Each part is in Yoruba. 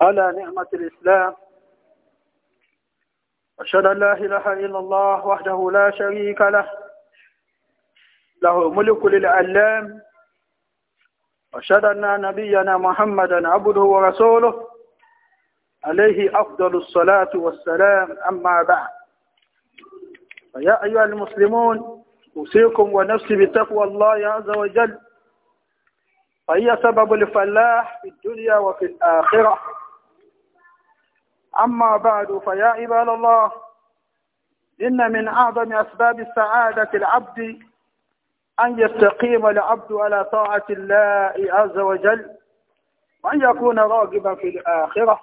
على نعمة الإسلام أشهد أن لا إله إلا الله وحده لا شريك له له ملك للعلام أشهد أن نبينا محمدا عبده ورسوله عليه أفضل الصلاة والسلام أما بعد فيا أيها المسلمون أوصيكم ونفسي بتقوى الله عز وجل فهي سبب الفلاح في الدنيا وفي الآخرة أما بعد فيا عباد الله إن من أعظم أسباب السعادة العبد أن يستقيم العبد على طاعة الله عز وجل وأن يكون راغبا في الآخرة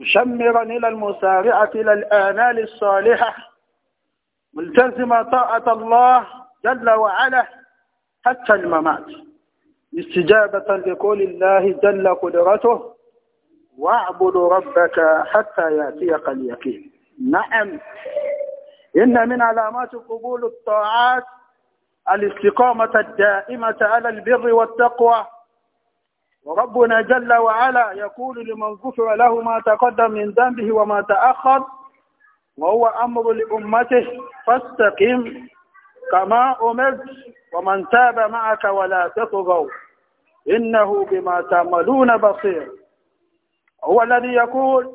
مشمرا إلى المسارعة إلى الآمال الصالحة ملتزما طاعة الله جل وعلا حتى الممات استجابة لقول الله جل قدرته واعبدوا ربك حتى يأتيك اليقين نعم إن من علامات قبول الطاعات الاستقامة الدائمة على البر والتقوى وربنا جل وعلا يقول لمن غفر له ما تقدم من ذنبه وما تأخر وهو أمر لأمته فاستقم كما أمرت ومن تاب معك ولا تطغوا إنه بما تعملون بصير هو الذي يقول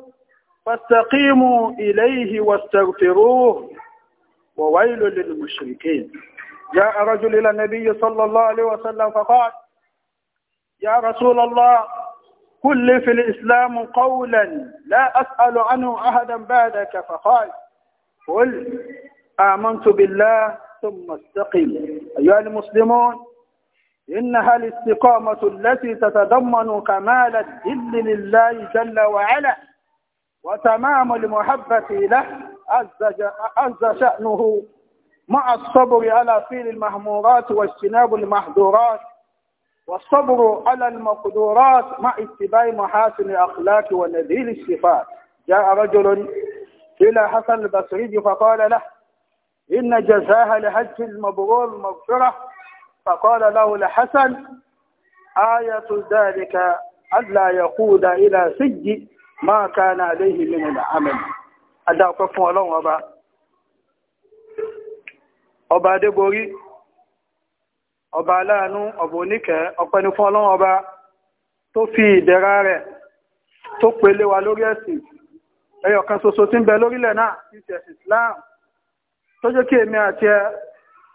فاستقيموا إليه واستغفروه وويل للمشركين جاء رجل إلى النبي صلى الله عليه وسلم فقال يا رسول الله كل في الإسلام قولا لا أسأل عنه أحدا بعدك فقال قل آمنت بالله ثم استقيم أيها المسلمون إنها الاستقامة التي تتضمن كمال الذل لله جل وعلا وتمام المحبة له عز شأنه مع الصبر على فيل المهمورات واجتناب المحظورات والصبر على المقدورات مع اتباع محاسن الأخلاق ونذيل الصفات جاء رجل إلى حسن البصري فقال له إن جزاها لحج المبرور مغفرة فقال له الحسن آية ذلك ألا يقود إلى سج ما كان عليه من العمل أدعوك فولون أبا ọba adéborí ọba aláàánú ọba oníkẹ́ ọpẹ́ ni fún ọlọ́run ọba tó fi ìdẹ̀ra rẹ̀ tó pèlé wa lórí ẹ̀sìn ẹyọ̀kan ṣoṣo tí ń bẹ lórílẹ̀ náà ti ṣẹ̀sìn Islam tó jẹ́ kí èmi àti ẹ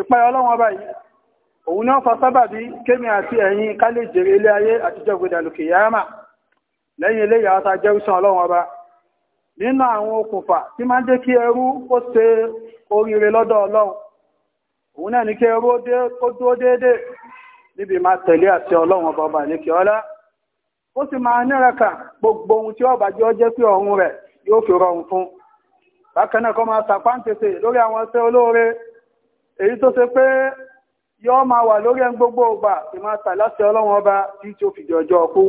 ìpáyà ọlọ́run ọba yìí òun náà fa bí kémi àti ẹ̀yin ká lè jèrè ilé ayé àtijọ́ gbèdàlùkè yáàmà lẹ́yìn eléyà ata jẹ́rìsàn ọlọ́run ọba nínú àwọn okùnfà tí máa ń jẹ́ kí ẹrú ó se oríire lọ́dọ̀ ọlọ́run òun náà ní kí ẹrú ó ọba ọba èyí tó ṣe pé yọ́ máa wà lórí ẹn gbogbo ọgbà tí máa tà láti ọlọ́run ọba tí tí ó fi ọjọ́ ọkú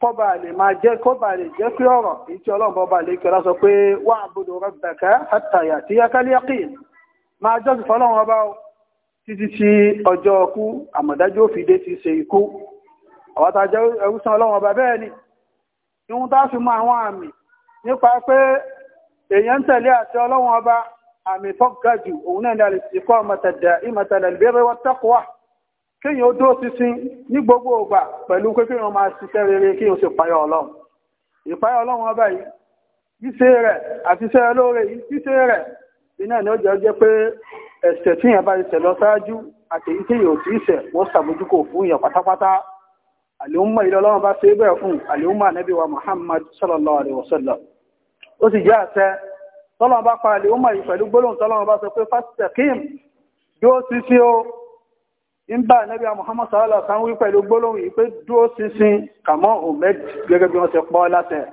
kọba lè máa jẹ́ kọba lè jẹ́ pé ọlọ́run ọba lè sọ pé wà àbúdó rabbaka hatta ya'tiyaka máa fọlọ́run ọba o títí tí ọjọ́ àmọ̀dájú dé ti ṣe ikú ọba bẹ́ẹ̀ ni ìhun tá a fi mọ àwọn àmì nípa ọba àmì tó ga jù òun náà ní al-istiqamata ad-da'imata lil-birri wat kéèyàn ó dúró sísín ní gbogbo ògbà pẹ̀lú pé kéèyàn máa ṣiṣẹ́ rere kéèyàn sì ebe ọlọ́run ìpayọ̀ tí yẹn bá tí yóò tí fún yẹn pátápátá bá ṣe fún Muhammad sallallahu alaihi wasallam ó sì àṣẹ tọ́lọ́wọ́n bá paralẹ̀ ó mọ̀ yìí pẹ̀lú gbólóhùn tọ́lọ́wọ́n bá sọ pé fásitẹ̀kìm dúó ṣinṣin o ń bá nẹ́bí Muhammad sàálà kan wí pẹ̀lú gbólóhùn yìí pé dúó ṣinṣin kàmọ́ omed gẹ́gẹ́ bí wọ́n ṣe pọ́ látẹ̀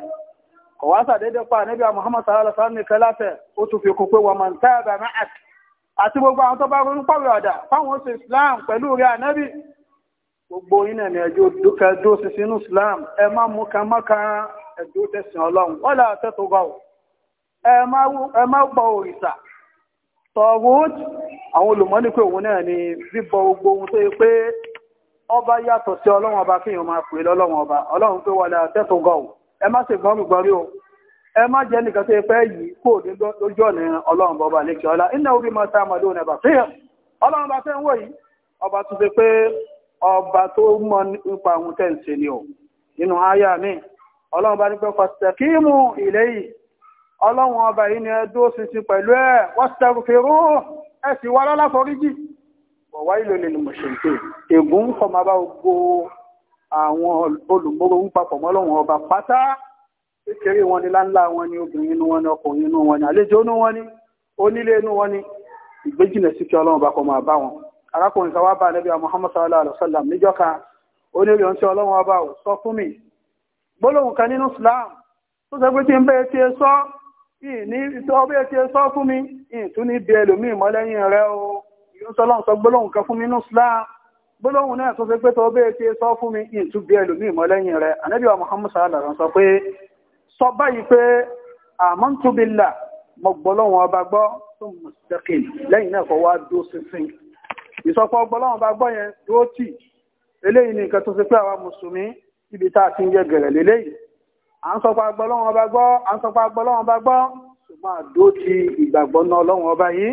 kò Muhammad sàálà kan nìkan látẹ̀ ó tún fi kún pé wọ́n máa ń tẹ́ gbogbo àwọn Islam pẹ̀lú rẹ ànẹ́bí gbogbo iná ni ẹjọ́ dúkẹ́ dúó ṣinṣin Islam ẹ má mú kan mọ́ kan ẹ̀dúró tẹ̀sán Ọlọ́run wọ́n lè àtẹ́tò gbà ẹ má bọ òrìṣà tọ̀gùt àwọn olùmọ́ni pé òun náà ni bíbọ gbogbo ohun tó yẹ pé ọba yàtọ̀ sí ọlọ́run ọba fíyàn máa pè lọ́lọ́run ọba ọlọ́run pé wàlẹ̀ àtẹ́tọ̀ gọ̀ọ̀ ẹ má ṣe gbọ́n gbọ́rí o ẹ má jẹ́ nìkan tó yẹ pé yìí kò ní lójú ọ̀nà ọlọ́run bọba lè kí ọlá iná orí máa tá àmàlò ọ̀nà ẹ̀bà fíyàn ọlọ́run ọba fẹ́ ń wò yìí ọba tó ṣe pé ọba tó mọ̀ nípa àwọn tẹ́ǹsì ni o nínú áyà mi ọlọ́run bá ní pé fàṣẹ̀kímù ilé yìí ọlọ́run ọba yìí ni ẹdó ṣinṣin pẹ̀lú ẹ̀ wọ́n sẹ́rù fèrú ẹ̀ sì wá lọ́lá foríjì ọ̀wá ìlò lè lè mọ̀ṣẹ̀ǹtẹ̀ ègún ń fọmọ bá gbogbo àwọn olùgbòrò ń papọ̀ mọ́lọ́run ọba pátá kékeré wọn ni láńlá wọn ni obìnrin inú wọn ni ọkùnrin inú wọn ni àlejò inú wọn ni onílé inú wọn ni ìgbéjìnà sí kí ọlọ́run bá kọ́ máa bá wọn arákùnrin sáwá bá nẹ́bí Muhammad sallallahu alaihi wasallam níjọ́ kan onílé ohun tí ọlọ́run mi gbólóhùn kan nínú Islam tó sọ ìní ìtọ́bí ẹ sọ fún mi ìtún ní bí ẹlòmíì mọ́ lẹ́yìn rẹ o yóò sọ lọ́n kan fún mi nínú Islam gbólóhùn náà tó fi pé tọ́bí ẹ sọ fún mi ìtún bí ẹlòmíì mọ́ lẹ́yìn rẹ Ànábì wa Muhammad sallallahu alaihi wasallam sọ pé sọ báyìí pé amantu billah mo gbọ́lọ́hùn ọba gbọ́ tó mustaqim lẹ́yìn náà kọ́ ni nǹkan tó fi pé àwa mùsùlùmí à ń sọpá gbọ́ lọ́wọ́n ọba gbọ́ à ń sọpá gbọ́ lọ́wọ́n ọba gbọ́ ṣùgbọ́n àdó ti ìgbàgbọ́ náà lọ́wọ́n ọba yìí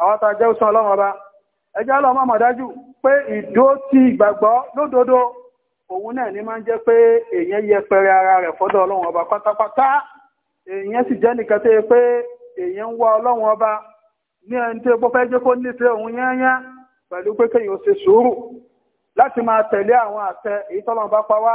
àwọn tó jẹ́ òsàn lọ́wọ́n ọba ẹjẹ́ lọ mọ̀ dájú pé ìdó ti ìgbàgbọ́ lódodo òun náà ní máa ń jẹ́ pé èèyàn yẹpẹrẹ ara rẹ̀ fọ́dọ̀ ọlọ́wọ́n ọba pátápátá èèyàn sì jẹ́ nìkan tó yẹ pé èèyàn ń wá ọlọ́wọ́n ọba ní ẹni tó gbọ́ fẹ́ jẹ́ kó nífẹ̀ẹ́ òun yányán pẹ̀lú pé kéèyàn ṣe sùúrù láti máa tẹ̀lé àwọn àṣẹ èyí tọ́lọ́run bá pa wá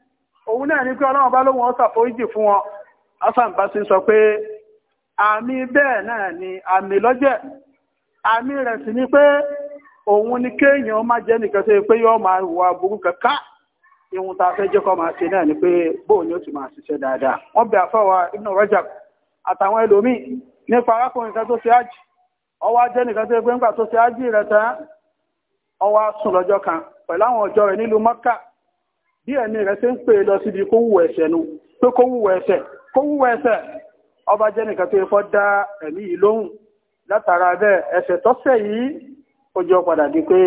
òun náà ni pé ọlọ́run bá lóhun ọ́sà foríjì fún wọn sọ pé àmì bẹ́ẹ̀ náà ni àmì lọ́jẹ̀ àmì rẹ̀ sì ni pé òun ni kéèyàn má jẹ́ nìkan tó pé yóò máa wà burú kẹ̀kẹ́ ihun tá a fẹ́ jẹ́ kọ́ ni pé bóun ni ó ti máa ṣiṣẹ́ dáadáa wọ́n bẹ àfọwà àtàwọn ẹlòmíì nípa arákùnrin kan tó ṣe ájì ọwọ́ ajẹ́ nìkan tó pé tó ṣe ájì kan pẹ̀lú àwọn ọjọ́ rẹ̀ nílùú bí ẹ̀mí rẹ̀ ṣe ń pè lọ síbi kó wù ẹ̀ṣẹ̀ nu pé kó wù ẹ̀ṣẹ̀ kó ọba jẹ́ tó yẹ fọ́ dá ẹ̀mí yìí lóhùn látara bẹ́ẹ̀ ẹ̀ṣẹ̀ tọ́sẹ̀ yìí ó jẹ́ padà di pé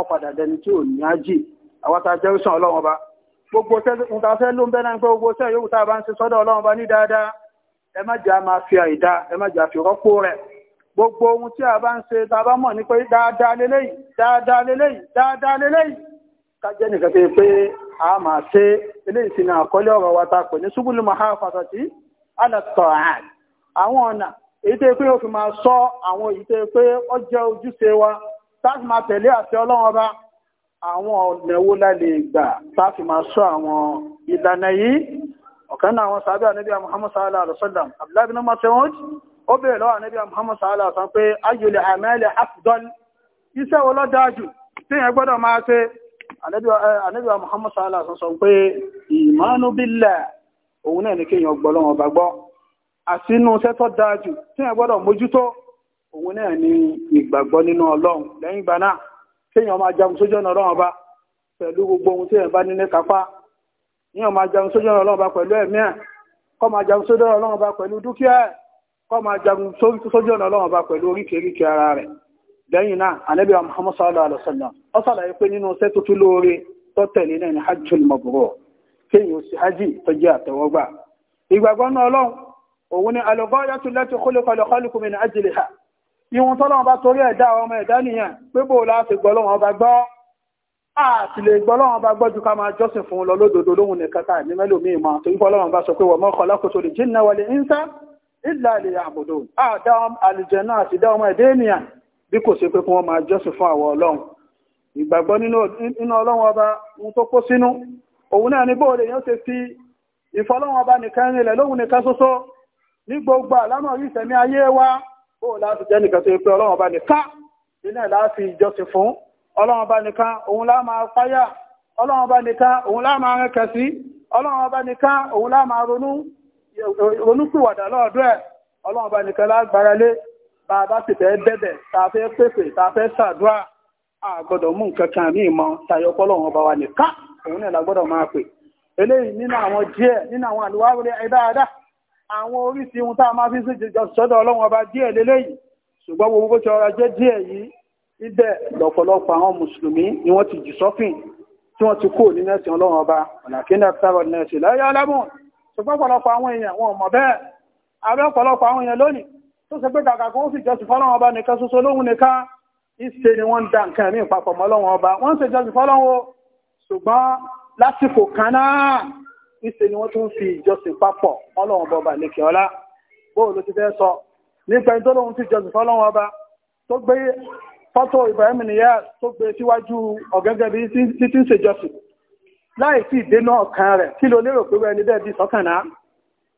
ọ̀padà dẹni tí ò ní ájì àwọn jẹ́ sàn ọlọ́run gbogbo gbogbo tá a bá ń ṣe sọ́dọ̀ ọlọ́run ọba ní dáadáa ẹ má jà máa fi àìdá ẹ má jà gbogbo ohun tí a bá ń ṣe tá a bá mọ̀ ní pé dáadáa dáadáa dáadáa a máa ṣe eléyìí sì ni àkọlé ọ̀rọ̀ wa ta pè ní ṣubúlù mahafasati alatoran àwọn ọ̀nà èyí tó pé ó fi máa sọ àwọn èyí tó pé ó jẹ́ ojúṣe wa táàfì máa tẹ̀lé àṣẹ ọlọ́run ọba àwọn ọ̀nà wo la lè gbà táàfì máa sọ àwọn ìlànà yìí ọ̀kan náà àwọn sàbẹ̀ ànábíà muhammad sallallahu alaihi wasallam abdullahi bin masoud ó bèèrè lọ́wọ́ ànábíà muhammad sallallahu alaihi wasallam pé ayòlè àmẹ́lẹ̀ afdal iṣẹ́ wo ló dáa jù tí yẹn gbọ́dọ̀ máa ṣe ànábìwá eh, muhammad sallallahu alaihi wasallam sọ pé ìmánú bílẹ̀ òun náà ní kéèyàn gbọ́ lọ́wọ́ bá gbọ́ àsínú iṣẹ́ tó dáa jù tí èèyàn gbọ́dọ̀ mójútó òun náà ní ìgbàgbọ́ nínú ọlọ́run lẹ́yìn ìgbà náà kéèyàn máa jagun sójú ọ̀nà ọlọ́run ọba pẹ̀lú gbogbo ohun tí èèyàn bá nílé kápá èèyàn máa jagun sójú ọ̀nà ọlọ́run ọba pẹ̀lú ẹ̀mí ẹ̀ kó máa jagun sójú ọ̀nà ọlọ́run ọba pẹ̀lú dúkìá ẹ̀ máa jagun sójú ọ̀nà ọlọ́run ọba pẹ̀lú oríkèéríkèé ara rẹ̀ lẹ́yìn náà ànábì Muhammad sallallahu alaihi wasallam ó ṣàlàyé pé nínú iṣẹ́ tuntun lóore tó tẹ̀lé náà ní hajjul mabrur kéèyàn sì hajj tó jẹ́ àtẹ̀wọ́gbà ìgbàgbọ́ náà ọlọ́run òun ni al-ghayatu allati khuliqa al-khalqu min ajliha ìwọ̀n tọ́lọ́run bá torí ẹ̀dá ọmọ ẹ̀dá nìyẹn pé bò láti gbọ́ lọ́wọ́n bá gbọ́ àti lè gbọ́ lọ́wọ́n bá gbọ́ ju ká máa jọ́sìn fún bí kò ṣe pé kí wọ́n máa jọ́sìn fún àwọn ọlọ́run ìgbàgbọ́ nínú ọlọ́run ọba ohun tó kó sínú òun náà ní bóòlù èèyàn ṣe fi ìfọlọ́run ọba nìkan rinlẹ̀ lóhun nìkan ṣoṣo ní gbogbo àlámọ̀ orí ìsẹ̀mí ayé wa bóòlù láti jẹ́ nìkan tó yẹ pé ọlọ́run ọba nìkan nílẹ̀ láti ìjọsìn fún ọlọ́run ọba nìkan òun lá máa páyà ọlọ́run ọba nìkan òun lá máa rẹ́kẹ̀ sí ọlọ́run ọba nìkan òun lá máa ronú ronú pìwàdà lọ́ọ̀dọ́ ẹ̀ ọlọ́run ọba nìkan lágbára lé bá a bá sì fẹ́ bẹ̀bẹ̀ tá a fẹ́ pèsè tá a fẹ́ ṣàdúrà a gbọ́dọ̀ mú nǹkan kan ní ìmọ̀ tayọ pọ́lọ́wọ́n bá wa nìkan òun náà la gbọ́dọ̀ máa pè eléyìí nínú àwọn díẹ̀ nínú àwọn àlùwárí ẹ̀dáadáa àwọn oríṣi ohun tá a máa fi sí sọ́dọ̀ ọlọ́wọ́n ọba díẹ̀ lélẹ́yìí ṣùgbọ́n gbogbo bó ṣe ọrọ̀ ajé díẹ̀ yìí níbẹ̀ lọ́pọ̀lọpọ̀ àwọn mùsùlùmí ni wọ́n ti jù sọ́fìn tí wọ́n ti kó ní nẹ́sìn ọlọ́run ọba ọ̀nàkínà tẹ́rọ̀ nẹ́sìn láyé ọlẹ́mùn ṣùgbọ́n ọ̀pọ̀lọpọ̀ àwọn èèyàn wọn ò mọ̀ bẹ́ẹ̀ abẹ́ ọ̀pọ̀lọpọ̀ àwọn èèyàn lónìí tó ṣe pé kàkà kan ó sì jọ́sìn fọ́lọ́wọ́n ọba nìkan ṣoṣo lóhun nìkan ìṣe ni wọ́n ń da nǹkan ẹ̀mí ìpapọ̀ mọ́lọ́wọ́n ọba wọ́n ń ṣe jọ́sìn fọ́lọ́wọ́ ṣùgbọ́n lásìkò kan náà ni wọ́n tún fi ìjọsìn papọ̀ mọ́lọ́wọ́n ọba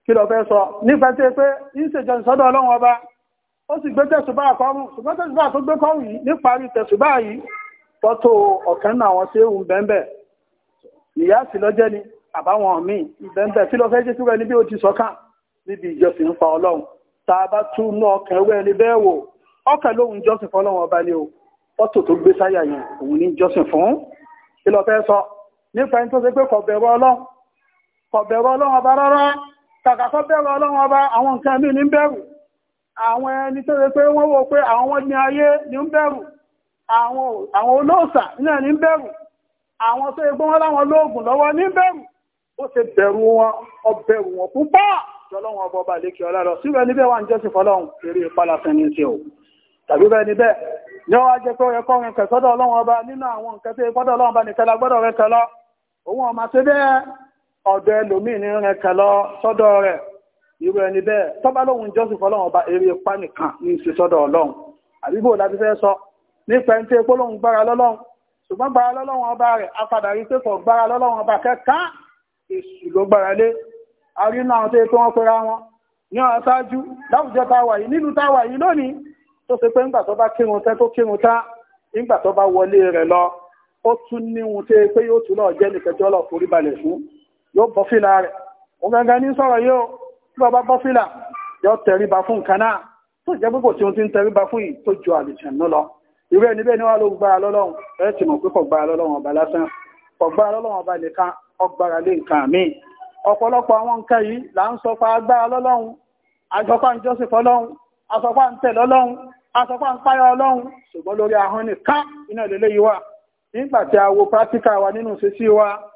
kí lọ fẹ́ sọ nípa tí pé ìṣèjọ ìsọ́dọ̀ ọlọ́run ọba ó sì gbé tẹ̀sùbá àkọ́mù ṣùgbọ́n tẹ̀sùbá tó gbé kọ́mù yìí níparí tẹ̀sùbá yìí tọ́tò ọ̀kan náà wọn sí ewu bẹ́ńbẹ́ ìyá sì lọ́jẹ́ ni àbáwọn míì bẹ́ńbẹ́ kí lọ fẹ́ jẹ́ kí wẹ́ni bí ó ti sọ́kàn níbi ìjọsìn fa ọlọ́run tá a bá tún ná ọkàn ẹwẹ́ ni bẹ́ẹ̀ wò ọkàn lóhun jọ́sìn fún ọlọ́run ọba ni o tọ́tò tó gbé sáyà yẹn òun ní jọ́sìn fún kí lọ fẹ́ sọ nípa ẹni tó ṣe pé kọ̀bẹ̀rọ ọlọ́run kọ̀bẹ̀rọ ọlọ́run ọba rárá kàkà kó bẹ̀rù ọlọ́run ọba àwọn nǹkan mí ní ń bẹ̀rù àwọn ẹni tó rẹ pé wọ́n wò pé àwọn wọn ní ayé ní ń bẹ̀rù àwọn olóòsà náà ní ń bẹ̀rù àwọn tó egbọ́n wọn láwọn lóògùn lọ́wọ́ ní bẹ̀rù ó ṣe bẹ̀rù wọn ó wọn púpọ̀ jọlọ́run ọba ọba lékè ọlá lọ síbẹ̀ níbẹ̀ wà ń jẹ́ sí fọlọ́run eré ìpalàfẹ́ ní ṣe o tàbí bẹ́ẹ̀ níbẹ̀ ní ọwọ́ ajẹ́ pé ẹ̀kọ́ rẹ̀ kẹsọ́dọ̀ ọlọ́run ọba nínú àwọn nǹkan tó ẹgbọ́dọ̀ ọlọ́run ọba nìkan la gbọ́dọ̀ rẹ̀ òun ọmọ ṣe bẹ́ẹ̀ ọ̀dọ̀ ẹlòmíì ní rẹ̀ kẹlọ sọ́dọ̀ rẹ̀ irú ẹni bẹ́ẹ̀ tọ́ba lóhun jọ́sìn fọlọ́run ọba eré ipá nìkan ní í ṣe sọ́dọ̀ ọlọ́run àbíbò láti fẹ́ sọ nípa ẹni tí epo lóhun gbára lọ́lọ́run ṣùgbọ́n gbára lọ́lọ́run ọba rẹ̀ apàdà rí pé kò gbára lọ́lọ́run ọba kẹ́kà èṣù ló gbára lé arínú àwọn tó yẹ kí wọ́n pera wọn ní ọ̀rọ̀ ṣáájú láwùjọ tá a wà yìí nílùú tá a wà yìí lónìí tó ṣe pé ńgbà tó bá kírun tẹ́ tó kírun tá ńgbà tó bá wọlé rẹ̀ lọ ó tún níhun tó yẹ pé yóò tún jẹ́ nìkẹjọ́ lọ forí fún yóò bọ́ fìlà rẹ̀ ó gangan ní sọ̀rọ̀ yóò tí bàbá bọ́ fìlà yóò tẹríba fún nǹkan náà tó jẹ́ pé tí wọ́n ti ń tẹríba fún yìí tó ju àlùjànnú lọ irú ẹni bẹ́ẹ̀ ni wàá ló gba lọ́lọ́run ẹ ti mọ̀ pé kò gba lọ́lọ́run ọba lásán kò gba lọ́lọ́run ọba nìkan ọgbàrá lé nǹkan míì ọ̀pọ̀lọpọ̀ àwọn nǹkan yìí là ń sọ agbára lọ́lọ́run àjọpá ń jọ́sìn fọlọ́run àsọpá ń tẹ̀ lọ́lọ́run àsọpá ń páyọ ọlọ́run ṣùgbọ́n lórí ahọ́n nìkan iná ìlélẹ́yìí wà nígbà tí a wo pátíkà wa nínú ìṣesí wa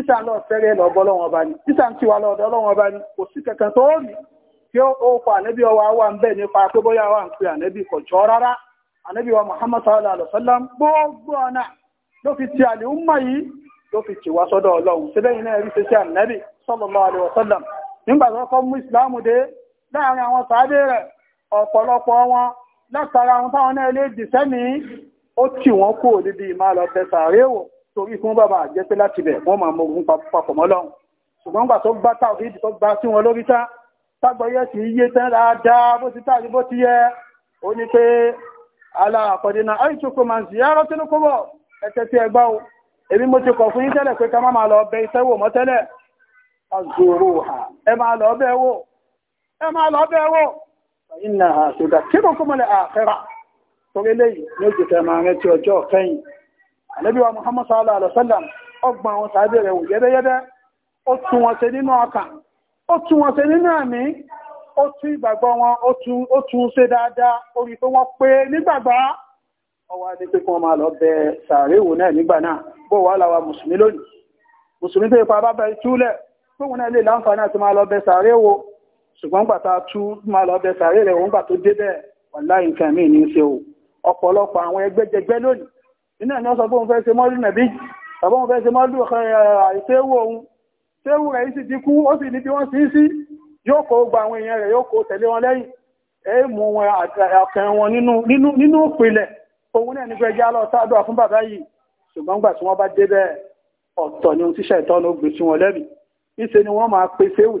ìsà lọ fẹ́rẹ́ lọ́bọ́ lọ́wọ́ bá ń tiwa lọ́dọ́ lọ́wọ́ bá ní kò sí kankan tó rí tí ó kọ ànẹ́bí ọwọ́ wà ń nípa pé bóyá wà ń wa Muhammad sallallahu alaihi wasallam gbogbo ọ̀nà ló fi ti àlè ń mọ̀ yìí ló fi sọ́dọ̀ ọlọ́run náà rí ṣe sí ànẹ́bí nígbà torí fún bàbá àjẹpé láti bẹ̀ wọ́n máa mọ̀gún papọ̀ mọ́ lọ́hùn ṣùgbọ́n gbà tó bá tá òbí tó gba sí wọn lórí tá tágbọ́yé sí iye tán dáadáa bó ti táàrí bó ti yẹ ó ní pé aláàkọ̀dé náà ọ̀yìn tó kó máa ń sì yára sínú kó bọ̀ ẹ̀tẹ́ tí ẹ gbá o èmi mo ti kọ̀ fún yín tẹ́lẹ̀ pé ká má máa lọ bẹ iṣẹ́ wò mọ́ tẹ́lẹ̀ azòrò ẹ máa lọ bẹ wò ẹ máa lọ bẹ wò ìnà àṣùgbà kí kò kó mọ́lẹ̀ àkẹ́rà torí léyìí ní òjì tẹ́ máa rántí ọjọ́ kẹ́yìn àlẹ́bíwá Muhammad sallallahu alaihi wasallam ọgbọ̀n àwọn sàábẹ̀ rẹ̀ wò yẹ́dẹ́yẹ́dẹ́ ó tún wọn ṣe nínú ọkàn ó tún wọn ṣe nínú àmì ó tún ìgbàgbọ́ wọn ó tún ṣe dáadáa orí pé wọ́n pé nígbàgbọ́ ọwọ́ adé pé kí wọ́n máa lọ bẹ sàárè wò náà nígbà náà bó wà láwa mùsùlùmí lónìí mùsùlùmí tó ipa bá bẹ túlẹ̀ tóun náà lè láǹfààní àti máa lọ bẹ sàárè wò ṣùgbọ́n gbà tá a tú máa lọ bẹ sàárè rẹ̀ wọ́n gbà tó dé bẹ́ẹ̀ wà láì nǹkan míì ṣe o ọ̀pọ̀lọpọ̀ àwọn ẹgbẹ́jẹgbẹ́ lónìí iná ni wọ́n sọ pé òun fẹ́ ṣe mọ́lú nàbí tàbí òun fẹ́ ṣe mọ́lú eh, àìséwò òun séwù rẹ̀ sì ti kú ó sì ní bí wọ́n sí sí yóò kó gba àwọn èèyàn rẹ̀ yóò kó tẹ̀lé wọn lẹ́yìn èèmù wọn àkàn nínú ìpìlẹ̀ òun náà ní pé ẹjá lọ sáàdọ̀ fún bàbá yìí ṣùgbọ́n gbà tí wọ́n bá dé bẹ́ẹ̀ ọ̀tọ̀ ni ohun tíṣẹ́ ìtọ́nà ògbè sí wọn lẹ́bi níṣe ni wọ́n máa pe séwù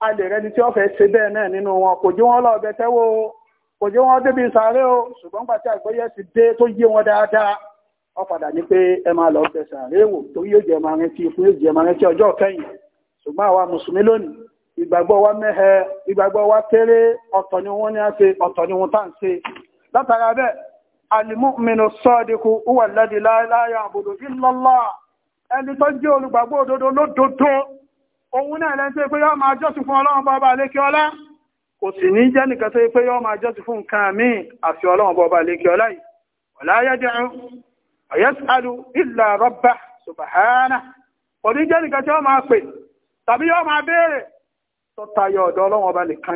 a lè rẹni tí ó fẹ́ ṣe bẹ́ẹ̀ náà nínú wọn kò jẹ́ wọn o kò wọn débi sàárè o ṣùgbọ́n gbàtí àgbẹ̀yẹ ti dé tó yé wọn dáadáa ó padà ní pé ẹ máa lọ bẹ wò tó yóò máa rántí ikú ṣùgbọ́n àwa mùsùlùmí lónìí wa wa kéré ni ní bẹ́ẹ̀ òun náà lẹ́nu tó yẹ pé yọ́ máa jọ́sìn fún ọlọ́run bọ́ọ̀bà lékè ọlá kò sì ní jẹ́ nìkan tó yẹ pé yọ́ máa jọ́sìn fún nǹkan míì àfi ọlọ́run bọ́ọ̀bà lékè ọlá yìí ọ̀lá yẹ́dẹ̀rún ọ̀yẹ́sàlù ìlà rọ́bà subahana kò ní jẹ́ nìkan tí wọ́n máa pè tàbí yọ́ máa béèrè tọ́tayọ ọ̀dọ̀ ọlọ́run ọba nìkan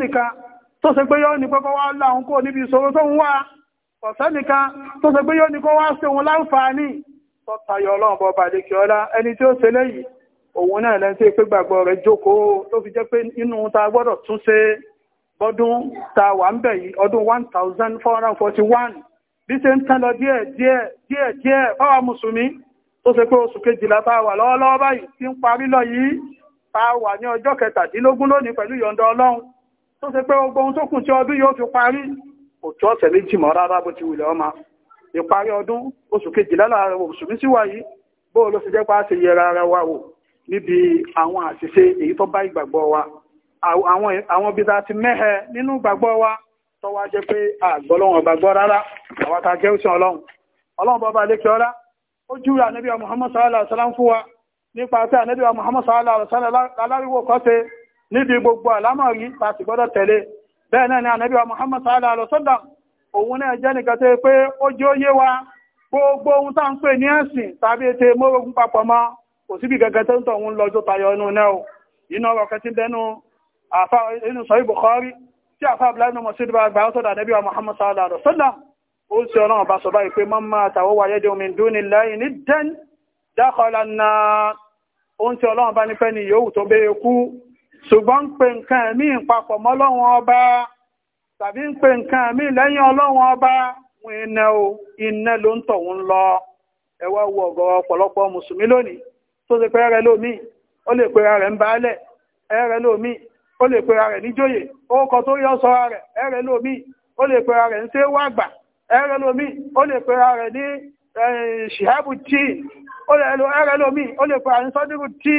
ni tó ṣe pé yọ́ ní pẹ́pẹ́ wá láhùn kó níbi ìṣòro tó ń wá ọ̀sẹ́nìkan tó sọ pé yóò ní kó wá sí òun láǹfààní tó tayọ ọlọ́run bọba àdékè ọlá ẹni tí ó ṣe lẹ́yìn òun náà lẹ́ni tí pé gbàgbọ́ rẹ̀ jókòó tó fi jẹ́ pé inú ta gbọ́dọ̀ tún ṣe bọ́dún ta wà ń bẹ̀ yìí ọdún 1441 bí ṣe ń tán lọ díẹ̀ díẹ̀ díẹ̀ díẹ̀ fáwa mùsùlùmí tó ṣe pé oṣù kejìlá ta wà lọ́wọ́lọ́wọ́ báyìí tí ń parí lọ yìí ta wà ní ọjọ́ kẹtàdínlógún lónìí pẹ̀lú ìyọ̀ǹda ọlọ́run tó ṣe pé gbogbo ohun tó kù tí ọdún yóò fi parí òtú ọ̀sẹ̀ méjì mọ́ rárá bó ti wulẹ̀ ọmọ ìparí ọdún oṣù kejìlá láàárọ̀ oṣù mi sí wáyé bó ló ṣe jẹ́ pé a ṣe yẹra ara wa wò níbi àwọn àṣìṣe èyí tó bá ìgbàgbọ́ wa àwọn ibi tá a ti mẹ́hẹ nínú ìgbàgbọ́ wa tó wá jẹ́ pé àgbọ́lọ́wọ̀n gbàgbọ́ rárá àwọn tá a jẹ́ òṣìṣẹ́ ọlọ́run ọlọ́run bọ́ba lékè ọlá ó júwe ànábì Muhammad sallallahu alaihi wasallam fún wa nípa pé ànábì Muhammad sallallahu alaihi wasallam aláriwo kọ́ ṣe níbi gbogbo àlámọ̀rí láti gbọ́dọ̀ tẹ̀lé bẹ́ẹ̀ náà ni ànábì Muhammad sallallahu alaihi wasallam òun náà jẹ́ nìkan tó pé ó jẹ́ òye wa gbogbo ohun tá ń pè ní ẹ̀sìn tàbí ètè mọ́rogún papọ̀ mọ́ kò síbi gẹ́gẹ́ tó ń tọ̀ òun lọ́jọ́ tayọ inú náà inú ọ̀rọ̀ kẹtí dẹnu inú sọ Bukhari tí àfa abúláìnà mọ̀ sí ìdíbà àgbà ọ̀tọ̀ Muhammad sallallahu alaihi wasallam ó sì ọ̀nà ọba sọ báyìí pé mọ́mọ́ àtàwọ́ wáyé de omi dúnni lẹ́yìn ní ṣùgbọ́n ń pe nǹkan ẹ̀mí ìpapọ̀ mọ́ ọba tàbí ń pe nǹkan ẹ̀mí lẹ́yìn Ọlọ́run ọba wọn iná o iná ló ń tọ̀hún ń lọ ẹ wá wo ọ̀gọ̀ ọ̀pọ̀lọpọ̀ mùsùlùmí lónìí tó ṣe pé ẹrẹ lómi ó lè pera rẹ̀ ń baálẹ̀ ẹrẹ lómi ó lè le rẹ̀ níjòyè orúkọ tó yọ rẹ̀ ẹrẹ lómi ó lè rẹ̀ ń ṣe wá ẹrẹ lómi ó lè rẹ̀ ní ṣìhábù eh, tíì ẹrẹ lómi ó lè rẹ̀ ń tíì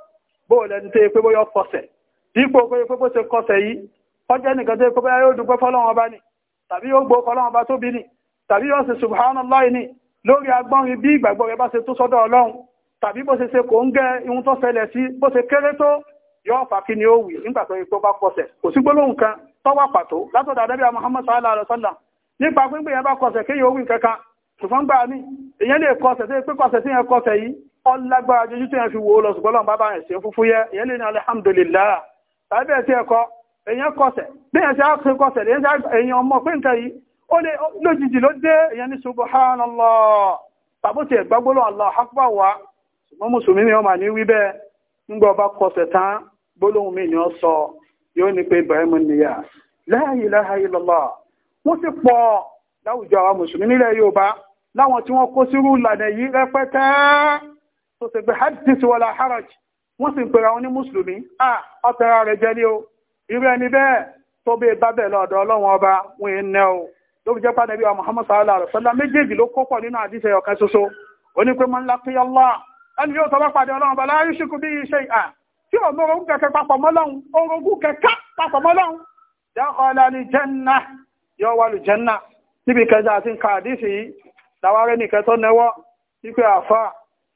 bóòlù ẹni tó yẹ pé bóyá kọsẹ̀ dípò pé pé ṣe kọsẹ̀ yìí ọjọ́ nìkan tó yẹ pé bóyá yóò dúpẹ́ fọlọ́wọn bá ní tàbí yóò gbó fọlọ́wọn bá tóbi ní tàbí yóò ṣe subhanallah ní lórí agbọ́nrin bí ìgbàgbọ́ rẹ bá ṣe tó sọ́dọ̀ ọlọ́run tàbí bó ṣe ṣe kò ń gẹ ihun tó ṣẹlẹ̀ sí bó ṣe kéré tó yóò fà kí ni ó wì nígbà tó yẹ pé ó bá kọsẹ̀ kò sí gbólóhùn kan tọ́wọ́ pàtó látọ̀dọ̀ àdẹ́bíà Muhammad sallallahu alaihi wa sallam nípa pínpín yẹn bá kọsẹ̀ kéèyàn ó wì kankan ṣùgbọ́n gbà mí èyàn lè kọsẹ̀ tó yẹ pé kọsẹ̀ sí yẹn kọsẹ̀ yìí ọlágbára jọjú tí fi wo lọ ṣùgbọ́n lọ́nà bàbá baa ṣe na yẹ ìyẹn lè ní alihamudulilá tàbí ẹ̀sẹ̀ ẹ̀kọ́ èyàn kọsẹ̀ bí yẹn ṣe kọsẹ̀ èyàn ọmọ pé nǹkan yìí ó lè lójijì ló dé èyàn ní subhanallah tàbó ti ẹ̀gbágbó ṣùgbọ́n mùsùlùmí ni wọ́n máa ní wí bẹ́ẹ̀ ńgbọ́ kọsẹ̀ tán gbólóhùn mi ni ó sọ yóò ní pé Ibrahim nìyà la ilaha illallah wọ́n sì pọ̀ láwùjọ àwọn mùsùlùmí nílẹ̀ láwọn tó ṣe pé hadith wala haraj wọ́n sì ń pera wọn ní mùsùlùmí à ọ̀tẹ̀ra rẹ̀ jẹ́ ní o irú ẹni bẹ́ẹ̀ tó bẹ́ẹ̀ bá bẹ̀ lọ́dọ̀ ọlọ́run ọba wọn ń nẹ́ o ló fi jẹ́ pàdé bí wa muhammad sallallahu alaihi wa sallam méjèèjì ló kó pọ̀ nínú àdìsẹ ọ̀kan ṣoṣo oní pé man laqiya Allah ẹni yóò sọ́bá pàdé ọlọ́run ọba la yushriku bihi shay'an tí ò mọ orogún kẹkẹ papọ̀ mọ́lọ́run orogún kẹkẹ papọ̀ mọ́lọ́run dakhala al-janna yóò wà al-janna níbi kẹjá àti nǹkan àdìsí yìí làwọn arẹ́nìkẹ́ tó nẹwọ́ wípé àfáà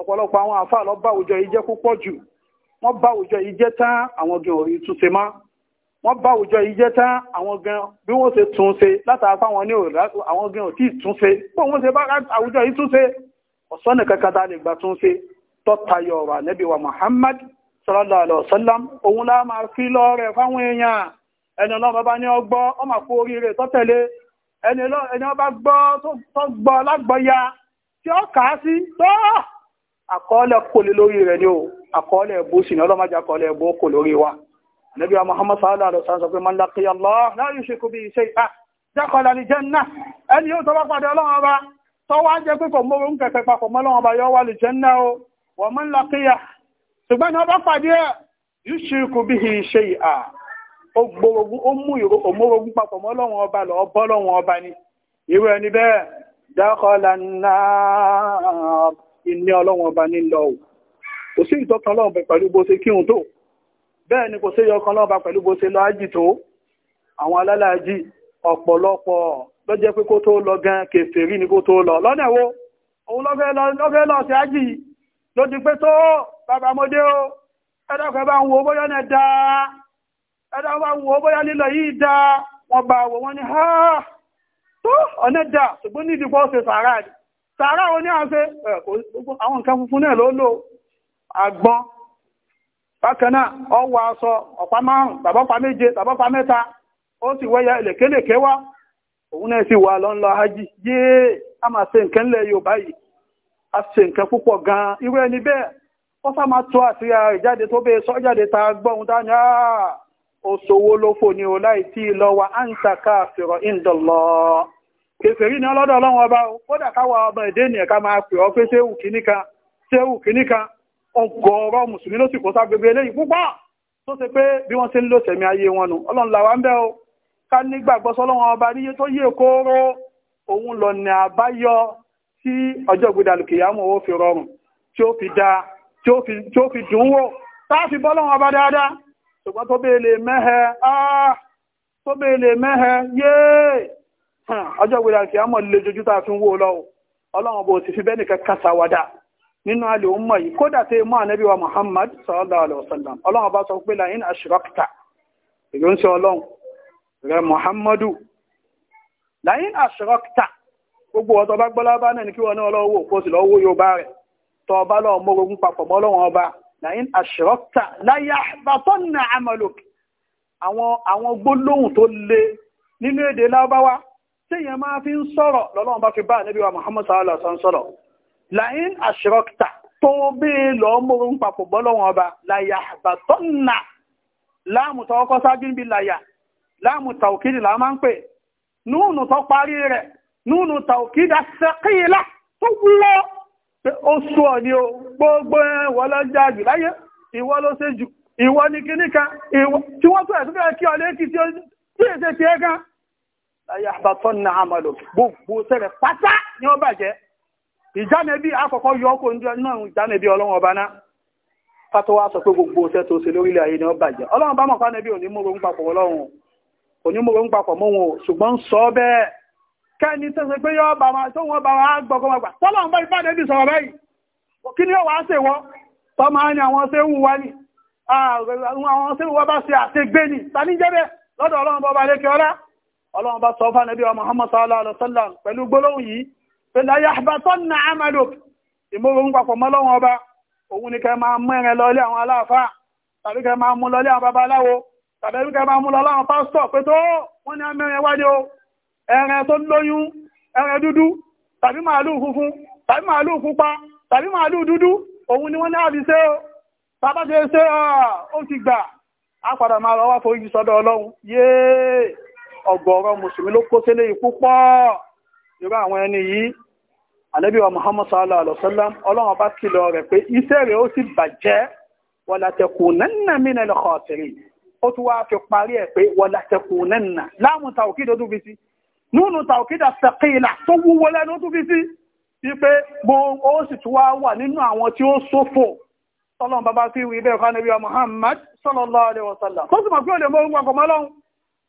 ọ̀pọ̀lọpọ̀ àwọn àfáà lọ bá àwùjọ yìí jẹ́ púpọ̀ jù wọ́n bá àwùjọ yìí jẹ́ tán àwọn gan orí túnṣe má wọ́n bá àwùjọ yìí jẹ́ tán àwọn gan bí wọ́n ṣe túnṣe látara fáwọn ní òrùlá àwọn gan ò tí ì túnṣe bó wọ́n ṣe bá àwùjọ yìí túnṣe ọ̀sọ́nì kankan tá a lè gbà túnṣe tọ́tayọ̀ ọ̀rọ̀ ànẹ́bí wa Muhammad sallallahu alaihi wasallam òun lá máa fi lọ́ọ̀rẹ̀ fáwọn èèyàn ẹni ọlọ́run bá ní ọgbọ́ ọ máa kó oríire tọ́tẹ̀lé ẹni ọba gbọ́ tó gbọ́ lágbọ́ya tí ó kà á sí tó àkọọ́lẹ̀ kòlè lórí rẹ̀ ni o àkọọ́lẹ̀ ẹ̀bú sì ni ọlọ́mọdé àkọọ́lẹ̀ ẹ̀bú kò lórí wa ànábì wa Muhammad sallallahu alaihi wasallam sọ pé man laqiya Allah la yushriku bihi shay'an dakhala al-jannah ẹni yóò tọ́wọ́ padà ọlọ́run ọba tọ́wọ́ á jẹ́ pé kò mọ́rún kẹ̀kẹ́ papọ̀ mọ́ ọlọ́run ọba yóò wà lè o wa man laqiya ṣùgbọ́n ni ọba pàdé ẹ̀ yushriku bihi shay'an ó gbórogún ó mú ìró òmórogún papọ̀ mọ́ ọlọ́run ọba lọ́ọ́ bọ́ ọlọ́run ọba ni irú ẹni bẹ́ẹ̀ dakhala an-nar ilé ọlọ́run ọba nílọ o kò sí ìtọ́kan lọ́wọ́ bẹ̀ pẹ̀lú bó ṣe kírun tó bẹ́ẹ̀ ni kò sí ìyọkan lọ́wọ́ bá pẹ̀lú bó ṣe lọ ájì tó àwọn alálàájì ọ̀pọ̀lọpọ̀ ló jẹ́ pé kó tó lọ gan kèfèrí ni kó tó lọ lọ́nà wo òun lọ́fẹ́ lọ sí ájì ló ti pé tó bàbá mọ́dé o ẹ̀dọ́kọ̀ bá ń wo bóyá náà dáa ẹ̀dọ́kọ̀ bá ń wo bóyá lílọ yìí dáa wọ́n bá wo wọ́n ní ha tó ọ̀nà dáa ṣùgbọ́n nídìí pọ́ ṣe sàárà ni sàárà wo ní àṣẹ àwọn nǹkan funfun náà ló lò àgbọn bákan ọwọ́ aṣọ ọ̀pá márùn tàbọ́pá méje tàbọ́pá mẹ́ta ó sì wẹ́yà ìlẹ̀kẹ́lẹ̀kẹ́ wá òun náà sì wà lọ́nlọ hajji yéé a máa ṣe nǹkan lẹ̀ Yorùbá yìí a se nǹkan púpọ̀ gan-an irú ẹni bẹ́ẹ̀ wọ́n sá máa tó àti ìjáde tó bẹ́ẹ̀ sọ jáde ta gbọ́hun ó ṣòwò ni ò láì tí ì lọ wa kèfèrí ni ọlọ́dọ̀ ọlọ́run ọba kódà káwà ọmọ èdè ka ma máa pè ọ́ pé séwù kìníkà séwù kìníkà ọgọ́ọ̀rọ̀ mùsùlùmí ló sì kó sá gbogbo eléyìí púpọ̀ tó ṣe pé bí wọ́n ṣe ń lò ayé wọn ọlọ́run o ká nígbàgbọ́ sọ́lọ́run ọba níye tó yé kóró òun lọ ní àbáyọ tí ọjọ́ owó fi rọrùn tí ó fi dùn wò tá a fi Hmm, ọjọ́ ìwé àti àmọ́ lè jojú tá a fi ń wó lọ ọlọ́run bó ti fi bẹ́ẹ̀ nìkan kásàwádà nínú alẹ́ òun mọ̀ yìí kódà tẹ́ mọ́ ànábì wa Muhammad sallallahu alaihi wasallam ọlọ́run bá sọ pé láyín ashrakta èyí ọlọ́run rẹ Muhammadu láyín ashrakta gbogbo ọ̀tọ̀ bá gbọ́lá bá náà ní kí wọ́n ní ọlọ́wọ́ téèyàn máa fi ń sọ̀rọ̀ lọ́lọ́run bá fi bá wa Muhammad sallallahu alaihi wasallam la'in tó bí lọ́ọ́ mú papọ̀ bọ́ lọ́wọ́n ọba láyà nà láàmù tó kọ́ sáájú níbi láyà láàmù tàùkìdì là máa ń pè núùnù tó parí rẹ̀ núùnù o gbogbo láyé ló ṣe jù ni ayàbàtọ́ ní àmàlò gbogbo sẹ́rẹ̀ pátá ní ó bàjẹ́ ìjánẹbí àkọ́kọ́ yọ ọkọ̀ ní ọ̀nà ìjánẹbí ọlọ́run ọba náà pátó wá sọ pé gbogbo sẹ́ tó ṣe lórílẹ̀ ayé ní ó bàjẹ́ ọlọ́run bá mọ̀pá nẹbí onímọ̀rọ̀ ń papọ̀ ọlọ́run onímọ̀rọ̀ ń papọ̀ mọ́ wọn ṣùgbọ́n sọ bẹ́ẹ̀ kẹ́ni tó ṣe pé yọ́ bàmà tó wọ́n bàmà gbọ́gbọ́n gbà tọ́lọ́run bá ipá nẹbí sọ̀rọ̀ báyìí kí ni ó wàá ṣe wọ́n tọ́ máa ní àwọn ṣéwù wá ní àwọn ṣéwù wá bá ṣe àṣegbé ní tani jẹ́ bẹ́ẹ̀ lọ́dọ̀ ọlọ́run bọ́ba lékè ọlọ́run bá sọ fún ànábì wa muhammad sallallahu alaihi wasallam pẹ̀lú gbólóhùn yìí pé la yahbatanna amaluk ìmúrun papọ̀ mọ́lọ́run ọba òun ni kẹ máa mú ẹrẹ lọlé àwọn aláàfáà tàbí kẹ máa mú lọlé àwọn babaláwo tàbí kẹ máa mú lọlé àwọn pásítọ̀ pé tó wọ́n ní amẹ́rẹ wáde o ẹrẹ tó lóyún ẹrẹ dúdú tàbí màálù funfun tàbí màálù pupa tàbí màálù dúdú òun ni wọ́n ní àbí o tàbá ṣe ṣe ó ti gbà á padà máa lọ wá foríjì sọ́dọ̀ ọlọ́run yéé ọ̀gọ̀ọ̀rọ̀ mùsùlùmí ló kó sílé ikú pọ̀ irú àwọn ẹni yìí ànábì wa muhammad sallallahu alaihi wasallam ọlọ́run bá kìlọ̀ rẹ̀ pé iṣẹ́ rẹ̀ ó sì bàjẹ́ walakunanna minal khasirin ó tún wá fi parí ẹ̀ pé walakunanna láàmú tàwùkí tó tún fi sí núùnù tàwùkí dà sẹ́kìlà tó wúwo lẹ́nu tó fi sí wípé gbogbo ó sì tún wá wà nínú àwọn tí ó ṣòfò ọlọ́run bàbá fi wí bẹ́ẹ̀ fún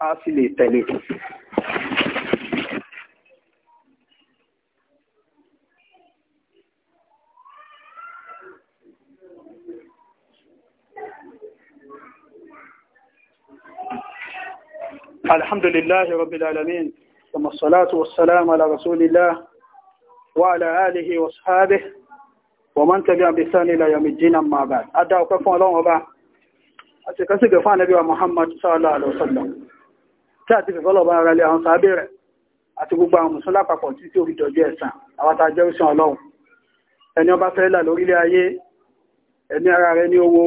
a sì lè tẹ̀lé. الحمد لله رب العالمين ثم الصلاة والسلام على رسول الله وعلى آله وصحابه ومن تبع بسان لا يوم الدين أما بعد أدعوك كفو الله وبعد أتكسك فان نبي محمد صلى الله عليه وسلم tí àti fìfọ́lọ̀ bá ara lé àwọn sábẹ́ rẹ̀ àti gbogbo àwọn mùsùn lápapọ̀ tí tí ó fi dọ̀jọ́ ẹ̀sàn àwátà jẹ́rìsàn ọlọ́run ẹni ọba fẹ́ là lórílẹ̀ ayé ẹ̀mí ara rẹ̀ ní owó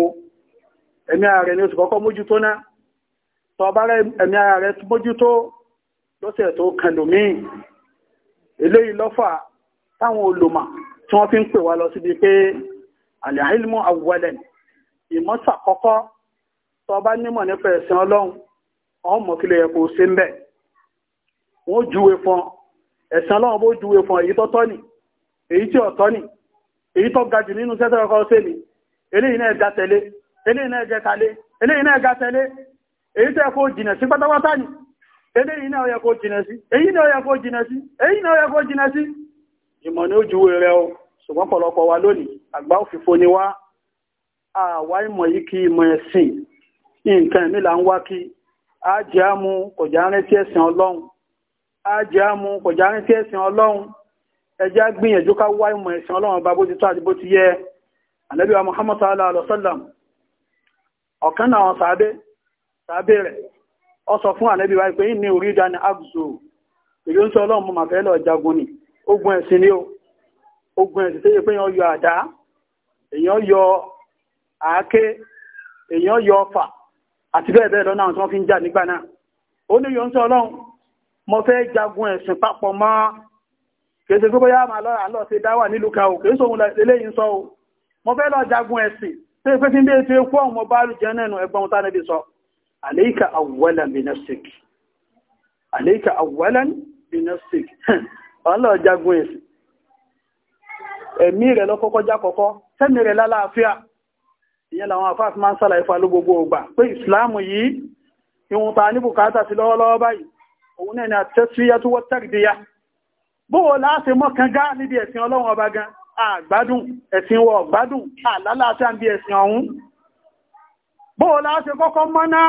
ẹ̀mí ara rẹ̀ ní oṣù kọ́kọ́ mójútó ná tọ́ ọba rẹ̀ ẹ̀mí ara rẹ̀ mójútó lọ́sẹ̀ tó kẹlòmíì nímọ̀ nípa ẹ̀sìn ọlọ́run ọ̀hún kí ló yẹ kó ṣe ń bẹ̀ fún bó juwe fún èyí tó tọ́ ni èyí tí ni èyí tó ga jù nínú sẹ́tọ̀ ọkọ̀ ṣe ni eléyìí náà ga tẹ̀lé eléyìí náà eléyìí náà ga èyí kó jìnà sí pátápátá ni eléyìí náà yẹ kó jìnà sí èyí náà yẹ kó jìnà sí èyí náà yẹ kó jìnà sí ìmọ̀ ni ó rẹ o ṣùgbọ́n pọ̀lọpọ̀ wa lónìí òfìfo ni wá àwa ìmọ̀ yìí kí ájàmú kọjá rántí ẹ̀sìn ọlọ́run ájàmú kọjá rántí ẹ̀sìn ọlọ́run ẹjá gbìyànjú ká wá ìmọ̀ ẹ̀sìn ọlọ́run bá bó ti tó àti bó ti yẹ ànábì wa Muhammad sallallahu alaihi wasallam ọ̀kan náà wọn sàábé sàábé rẹ̀ ọ sọ fún ànábì wa pé ní orí dání abzu èyí ń sọ ọlọ́run mo màfẹ́ lọ jagun ni ogun ẹ̀sìn ni o ogun ẹ̀sìn tó yẹ pé yọ àdá èèyàn yọ àáké èèyàn yọ ọfà àti bẹ́ẹ̀ bẹ́ẹ̀ lọ́nà tí wọ́n fi ń jà nígbà náà ó ní yóò ń sọ ọlọ́run mo fẹ́ jagun ẹ̀sìn papọ̀ mọ́ kèsè gbogbo yá máa lọ́ra lọ sí dáwà nílùú ka ò kèsè òun lẹ́yìn sọ o mo fẹ́ lọ jagun ẹ̀sìn tó ìpé tí ń bèèrè tí ó fọ́ sẹ́mi rẹ̀ lálàáfíà ìyẹn làwọn afáàfi máa ń sàlàyé fún alógbogbo ògbà pé ìsìláàmù yìí ìwọ̀n ta ní bùkátà sí lọ́wọ́lọ́wọ́ báyìí òun náà ni àtẹ́síyá tó wọ́ tẹ́rìdíyá bóò láti mọ́kàn gá níbi ẹ̀sìn ọlọ́run ọba gan àgbádùn ẹ̀sìn wọ gbádùn àlálàáfíà bí ẹ̀sìn ọ̀hún bóò láti kọ́kọ́ mọ́ná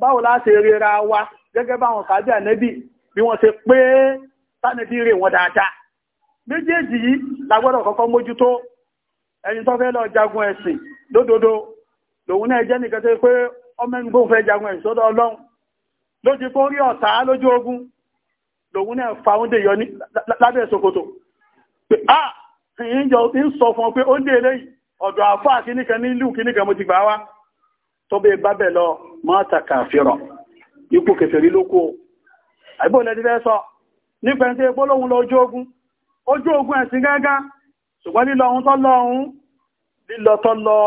báwo láti rera wa gẹ́gẹ́ báwọn kàbí ànẹ́bì bí wọ́n ṣe pé tánẹ́bí rè wọn dáadáa méjèèjì yìí la gbọ́dọ̀ kọ́kọ́ mójútó ẹni tó fẹ́ lọ jagun ẹ̀sìn lódodo lòun náà jẹ́ nìkan tó pé ọmọ jagun ẹ̀sìn sọ́dọ̀ ọlọ́run lójú kó rí ọ̀tá lójú ogun lòun náà fa yọ lábẹ́ ṣòkòtò pé a ah, ń sọ fún ọ pé ó dé eléyìí ọ̀dọ̀ ní ìlú kíníkan mo ti gbà wá tó sọ nípa ẹni ogun ojú ogun ẹ̀sìn ṣùgbọ́n lílọ ohun tó lọ ohun lílọ tó lọ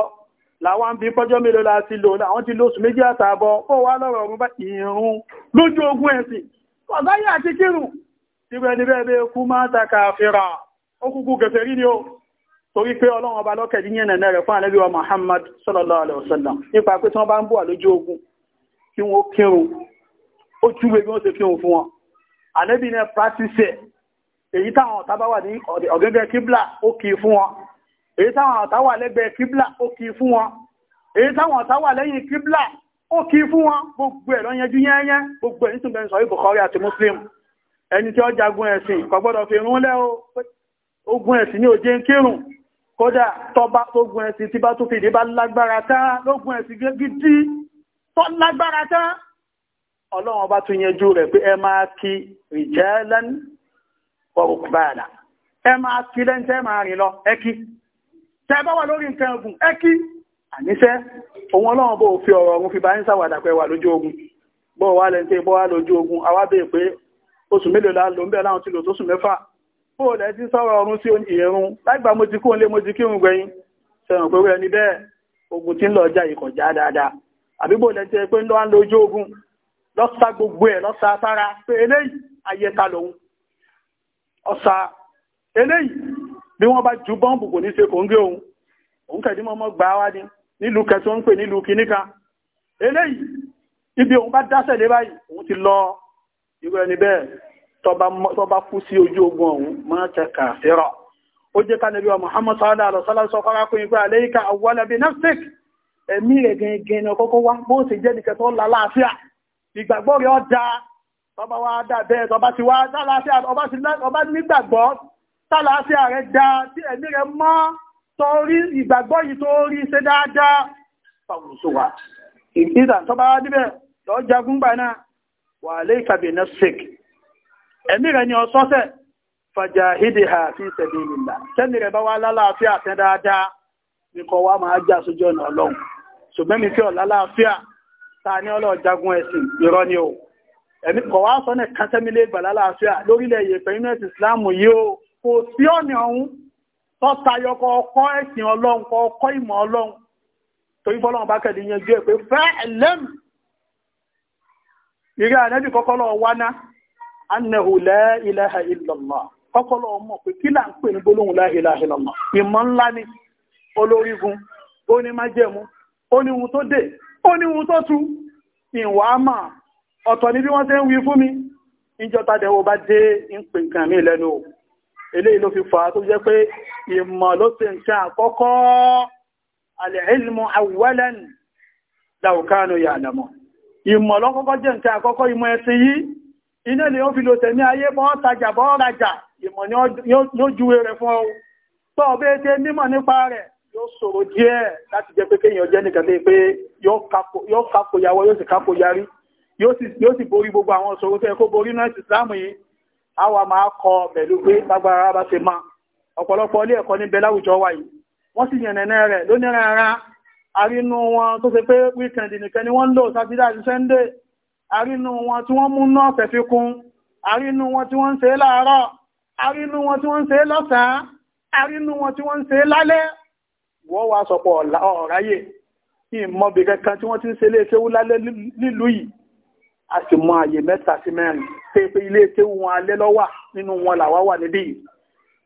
làwọn ń bí kọjọ́ mélòó la ti lò láwọn ti lóṣù méjì àtààbọ̀ ó wá lọ́rọ̀ ọ̀run bá ìrún lójú ogun ẹ̀sìn kọ̀sáyé àti kírun síbẹ̀ níbẹ̀ bẹ́ kú máa takà fìrà ó kúkú kẹfẹ́ rí ni ó torí pé ọlọ́run ọba lọ́kẹ̀ yíyan nẹ̀nẹ̀ rẹ̀ fún ànábì wa Muhammad sallallahu alaihi wasallam nípa pé tí wọ́n bá ń bọ̀ wà lójú ogun kí wọ́n kírun ó júwe bí èyí táwọn ọ̀tá bá wà ní ọ̀gẹ́gẹ́ kíblà ó kì í fún wọn èyí táwọn ọ̀tá wà lẹ́gbẹ̀ẹ́ kíblà ó kì í fún wọn èyí táwọn ọ̀tá wà lẹ́yìn kíblà ó kì í fún wọn gbogbo ẹ̀ lọ́yẹnjú yẹ́yẹ́ gbogbo ẹ̀ nítorí sọ Bukhari àti Muslim ẹni tí ó jagun ẹ̀sìn kò gbọ́dọ̀ fi irun lẹ́ ogun ẹ̀sìn ní òjé ń kírun kódà tọba tó ẹ̀sìn tí bá tún fi ìdíbá lágbára tán lógun ẹ̀sìn gidi tó lágbára tán ọlọ́run ọba tún yẹjú rẹ̀ pé ẹ máa kí rìjẹ́lẹ́ni ọ̀rùkbàdà ẹ máa kí lẹ́ńtẹ́ máa rìn lọ ẹkí tẹ bá wà lórí nǹkan ogun ẹkí àníṣẹ́ òun ọlọ́run bó fi ọ̀rọ̀ ọ̀run fi bá ń sàwàdà pé wà lójú ogun bó wà lẹ́ńtẹ́ bó wà lójú ogun àwa bèè pé oṣù mélòó la lò ń bẹ̀ láwọn ti lò tó sùn mẹ́fà bó lẹ́ ti sọ̀rọ̀ ọ̀run sí ìrun lágbà mo ti kó lé mo ti kírun gbẹ̀yìn sẹ̀rùn pé wẹ́ni bẹ́ẹ̀ ogun ti ń lọ jà ikọ̀ já dáadáa àbí bó lẹ́ ti pé ń lọ́ lójú ogun lọ́sà gbogbo ẹ̀ lọ́sà sára pé eléyìí ayẹta lòun ọ̀sà eléyìí bí wọ́n bá ju bọ́ǹbù kò ní ṣe kò ń gé òun òun kẹ̀dí gbà wá ní nílùú pè nílùú eléyìí ibi òun bá dáṣẹ̀ lé báyìí òun ti lọ irú ẹni bẹ́ẹ̀ tọba kú sí ojú ogun ọ̀hún máa tẹ ó wa Muhammad sallallahu sọ nafsik wa bó ṣe tọba wa dà bẹ́ẹ̀ tọba ti wá tálàáfíà ọba nígbàgbọ́ tálàáfíà rẹ̀ dá tí ẹ̀mí rẹ̀ mọ́ torí ìgbàgbọ́ yìí tó rí ṣe dáadáa fàwùsùwà ìdídà tọba wa níbẹ̀ lọ jagun gbà náà wà lè kàbí ní sick ẹ̀mí rẹ̀ ni ọ̀sọ́sẹ̀ fàjà ìdí ha fi ṣẹ̀dí ìlà tẹ́mi rẹ̀ bá wá lálàáfíà tẹ́ dáadáa ní kọ wá máa já sójú ọ̀nà ọlọ́run ṣùgbẹ́mi tí ọ̀ lálàáfíà ta ní ọlọ́ọ̀ jagun ẹ̀sìn irọ́ ni o ẹ̀mí kọ̀ wá sọ́nà kásẹ́mílé gbàlálà àṣíà lórílẹ̀ yẹ̀pẹ̀ inú ẹ̀sìn Islam yìí o kò sí ọ̀nà ọ̀hún tọ́tayọ kọ ọkọ́ ẹ̀sìn ọlọ́run kọ ọkọ́ ìmọ̀ ọlọ́run torí bọ́lọ́run bá kẹ̀lé yanjú ẹ̀ pé fẹ́ ẹ̀lẹ́m ìrẹ́ ànẹ́bì kọ́kọ́lọ́ wáná annahu la ilaha illallah kọ́kọ́lọ́ mọ̀ pé kí là ń pè ní gbólóhùn la ilaha illallah ìmọ̀ ńlá ni olórígun ó ní májẹ̀mú ó ní ohun tó dé ó ní ohun tó tú ìwà máa ọ̀tọ̀ ni bí wọ́n ṣe ń wí fún mi ìjọta dẹ̀wò bá dé ń pè nǹkan mi lẹ́nu o eléyìí ló fi fà á tó jẹ́ pé ìmọ̀ ló ṣe nǹkan àkọ́kọ́ al-ilmu awwalan law kanu ya'lamun ìmọ̀ lọ́kọ́kọ́ jẹ́ nǹkan àkọ́kọ́ ìmọ̀ ẹ̀sìn yìí iná ni ni ó juwe rẹ̀ fún ọ tọ́ ọ̀bẹ́ ṣe yóò ṣòro díẹ̀ láti jẹ́ pé kéèyàn jẹ́ nìkan pé yóò kápò yàwó yóò sì kápò yarí yóò sì borí gbogbo àwọn ṣòro tó yẹ kó borí náà ìsìláàmù yìí a wà máa kọ pẹ̀lú pé lágbára bá ṣe máa ọ̀pọ̀lọpọ̀ ilé ẹ̀kọ́ níbẹ̀ láwùjọ wa yìí wọ́n sì yànnẹ̀nẹ́ rẹ̀ lónìí rárá arínú wọn tó ṣe pé wíkẹ̀ndì nìkan ni wọ́n ń lò sátidé àti sẹ́ńdé arínú wọn tí wọ́n mú náà fẹ̀ fi kún arínú wọn tí wọ́n ń ṣe é láàárọ̀ arínú wọn tí wọ́n ń ṣe é lọ́sàn-án arínú wọn tí wọ́n ń ṣe lálẹ́ wọ́n wá sọ̀pọ̀ ọ̀ráyè kí n mọ̀bì kankan tí wọ́n ti ń ṣe ilé lálẹ́ nílùú yìí a sì mọ àyè mẹ́ta sí mẹ́rin pé pé ilé tí wọn alẹ́ lọ́wà nínú wọn làwa wà níbí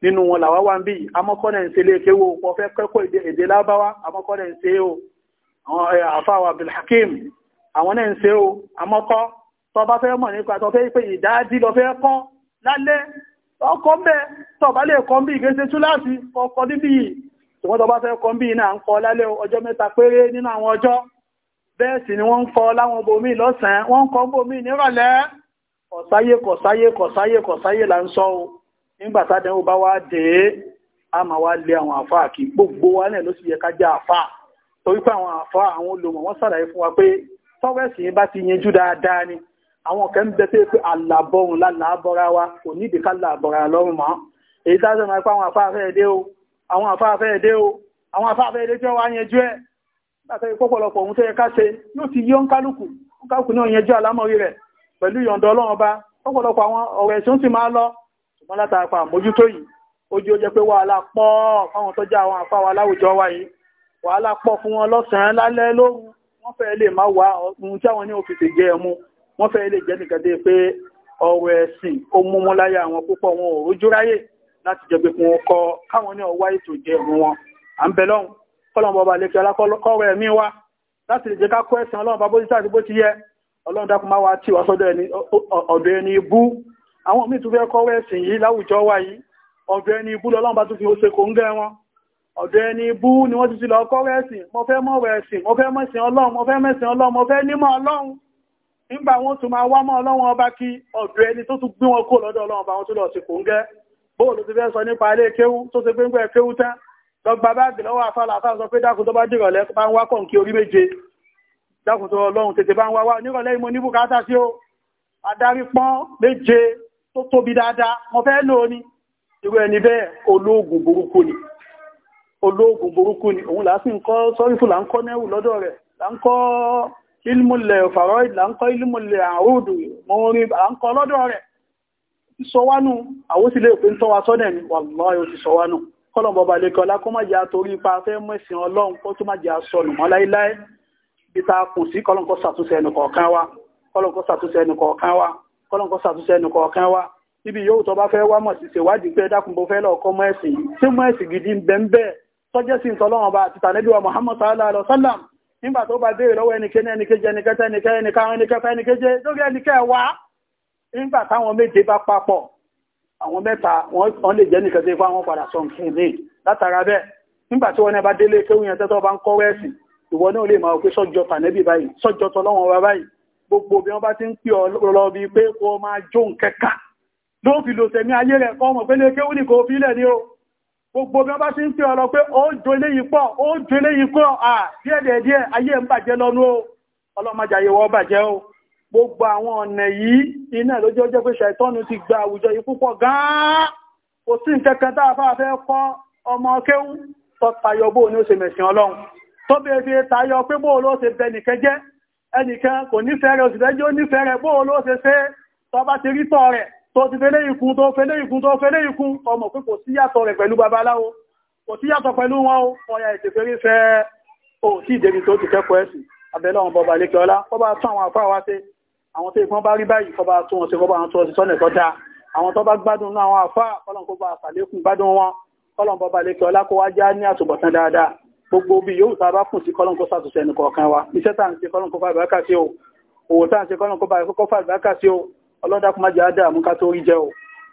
nínú wọn làwa wà níbí amọ́kọ́nà ń ṣe ilé tí wo pọ̀ fẹ́ kẹ́kọ̀ọ́ èdè lábáwá amọ́kọ́nà ń ṣe o àfàwà Abdulhakeem àwọn náà ń ṣe o amọ́kọ́ tó bá fẹ́ mọ̀ nípa tó fẹ́ pé ìdájí lọ fẹ́ kọ́ lálẹ́ ọkọ̀ ń bẹ́ tó lè kọ́ bí ìgbésẹ̀ tú láti ọkọ̀ níbí ṣùgbọ́n tó fẹ́ kọ́ bí náà ń kọ́ lálẹ́ ọjọ́ mẹ́ta péré nínú àwọn ọjọ́ bẹ́ẹ̀ sì ni wọ́n ń kọ́ láwọn bomi lọ́sàn-án wọ́n ń kọ́ bomi nírọ̀lẹ́ kọ̀sáyé kọ̀sáyé kọ̀sáyé kọ̀sáyé là ń sọ o nígbà tádẹ́wò bá wá dé a máa wá lé àwọn àfáà kí gbogbo wa náà ló sì yẹ ká jẹ́ àfáà torí pé àwọn àfáà àwọn olùmọ̀ wọ́n sàlàyé fún wa pé tọ́wẹ́sì yẹn bá ti yanjú dáadáa ni àwọn kẹ́ ń bẹ pé pé àlàbọ̀rùn lálàábọ̀ra wa kò ní ìdíkà làbọ̀ra lọ́rùn mọ́ èyí tá a sọ máa pé àwọn àfáà fẹ́ẹ́ dé o àwọn àfáà fẹ́ẹ́ dé o àwọn àfáà fẹ́ẹ́ dé tí wọ́n wá yanjú ẹ̀ látàrí pọ́pọ̀lọpọ̀ ohun tó yẹ ká ṣe yóò ti yọ́ ń kálukú ń kálukú náà yẹjú àlámọ̀rí rẹ̀ pẹ̀lú ìyọ̀ǹda ọlọ́run ọba pọ́pọ̀lọpọ̀ àwọn ọ̀rọ̀ ẹ̀sìn sì máa lọ ṣùgbọ́n látàrí pa àmójútó yìí ó jẹ́ ó jẹ́ pé wàhálà pọ̀ fáwọn tó jẹ́ àwọn àfáwà láwùjọ wa yìí wàhálà pọ̀ fún wọn lọ́sàn-án lálẹ́ lóru wọ́n fẹ́ lè má wá ohun tí àwọn ní òfìsì jẹ ẹmu wọ́n fẹ́ lè jẹ́ nìkan dé pé ọ̀rọ̀ ẹ̀sìn ó mú mú láyé àwọn púpọ̀ wọn ò rójú ráyè láti jẹ́ pé kí wọ́n kọ́ káwọn ní ọwá ètò jẹ ẹmu wọn à ń bẹ lọ́hùn kọ́lọ̀mù ọba lè fi alákọ́rọ̀ ẹ̀mí wa láti lè jẹ́ ká kọ́ ẹ̀sìn ọlọ́run bá bó ti sáàdì bó ti yẹ ọlọ́run dákun máa wá tì wá sọ́dọ̀ ọ̀dọ̀ ẹni ibú àwọn míì tún fẹ́ kọ́rọ̀ ẹ̀sìn yìí láwùjọ wa yìí ọ̀dọ̀ ẹni ibú lọ́lọ́run bá tún fi ṣe kòńgẹ́ wọn ọ̀dọ̀ ẹni ibú ni wọ́n ti ti lọ kọ́rọ̀ ẹ̀sìn mo fẹ́ mọ̀ ẹ̀sìn mo fẹ́ mẹ̀sìn ọlọ́run mo fẹ́ mẹ̀sìn ọlọ́run mo fẹ́ nímọ̀ ọlọ́run nígbà wọn tún máa wá mọ́ ọlọ́run ọba kí ọ̀dọ̀ ẹni tó tún gbé wọn kó lọ́dọ̀ ọlọ́run bá wọn tún lọ sí kòńgẹ́ bóòlù ti fẹ́ sọ nípa ilé kéwú tó ti gbé ń gbẹ́ kéwú tán lọ́gbà báàgì lọ́wọ́ àfàlà àfàlà sọ pé dákun tó bá dìrọ̀lẹ́ bá ń wá kọ̀ǹkì orí méje dákun tó ọlọ́run tètè bá ń wá wá nírọ̀lẹ́ ìmọ̀ ní bùkátà sí ó adarí pọ́n méje tó tóbi dáadáa mo fẹ́ lò ó ní irú ẹni bẹ́ẹ̀ olóògùn burúkú ni olóògùn burúkú ni òun làá sì ń kọ́ sọ́rífù là ń kọ́ kọ́lọ̀bọ̀ ọba lè kọlá kó má jẹ́ àtorí ipa fẹ́ mẹ́sìn ọlọ́run kó tó má jẹ́ àsọnù mọ́ láíláí bí ta kù sí kọ́lọ̀kọ́ ṣàtúnṣe ẹnì kọ̀ọ̀kan wa kọ́lọ̀kọ́ ṣàtúnṣe ẹnì kọ̀ọ̀kan wa kọ́lọ̀kọ́ ṣàtúnṣe ẹnì kọ̀ọ̀kan wa ibi yóò tó bá fẹ́ wá mọ̀ sí ṣèwádìí pé dákun bó fẹ́ lọ́ọ̀kọ́ mọ́ ẹ̀sìn tí mọ́ ẹ̀sìn gidi ń bẹ ń bẹ tọ́jẹ́ sí ìtọ́lọ́wọ́n bá àti tànẹ́bí wa Muhammad sallallahu alaihi wa sallam nígbà tó bá béèrè lọ́wọ́ ẹnikẹ́ni ẹnikẹ́jẹ ẹnikẹ́ta ẹnikẹ́ ẹnikẹ́ ẹnikẹ́fẹ́ ẹnikẹ́jẹ lórí ẹnikẹ́ wa nígbà táwọn méje bá papọ̀ àwọn mẹ́ta wọ́n lè jẹ́ nìkan tí fún àwọn padà sọ nǹkan ní látara bẹ́ẹ̀ nígbà tí wọ́n náà bá délé kéwù yẹn tẹ́tọ́ bá ń kọ́ rẹ́ẹ̀sì ìwọ náà lè máa pé sọ́jọ́ tànẹ́bì báyìí sọ́jọ́ tọ́lọ́wọ́n wa báyìí gbogbo bí wọ́n bá ti ń pè ọ lọ bí pé kó máa jó nkẹ́kà ló fi lò tẹ̀mí ayé rẹ̀ kọ́ ọmọ pé lè kéwù o gbogbo bí wọ́n bá ti ń pè ọ lọ pé ó jó léyìí pọ̀ ó jó léyìí pọ̀ à o ọlọ́mọdé gbogbo àwọn ọ̀nà yìí iná lójọ́ jẹ́ pé ṣàìtọ́nù ti gba àwùjọ yìí púpọ̀ gan kò sí nǹkan tá a fà fẹ́ kọ́ ọmọ kéwú tó bóò ní ó ṣe mẹ̀sìn ọlọ́run tó bèé fi tayọ pé bóò ló ṣe bẹ nìkan jẹ́ ẹnìkan kò nífẹ̀ẹ́ rẹ̀ òṣìṣẹ́ jẹ́ ó tó ti rí tọ̀ bọba lékẹ́ ọlá kọ́ bá àwọn àfáà wá àwọn tó ìfọ́n bá rí báyìí kọba tó wọn sí kọba àwọn tó wọn sí sọ́nà ẹ̀kọ́ dáa àwọn tó bá gbádùn náà àwọn àfá kọ́lọ̀n kó bá àfàlékún gbádùn wọn kọ́lọ̀n bọ́ba lè kí ọlá kó wá já ní àtúbọ̀tán dáadáa gbogbo bí yóò tá a bá kùn sí kọ́lọ̀n kó sàtúnṣe ẹnì kọ̀ọ̀kan wa iṣẹ́ tá à ń ṣe kọ́lọ̀n kó fàlùbákà sí o òwò tá à ń ṣe kọ́lọ̀n kó fàlùbákà sí o ọlọ́dàkùnmájà ádámù ká tó rí jẹ o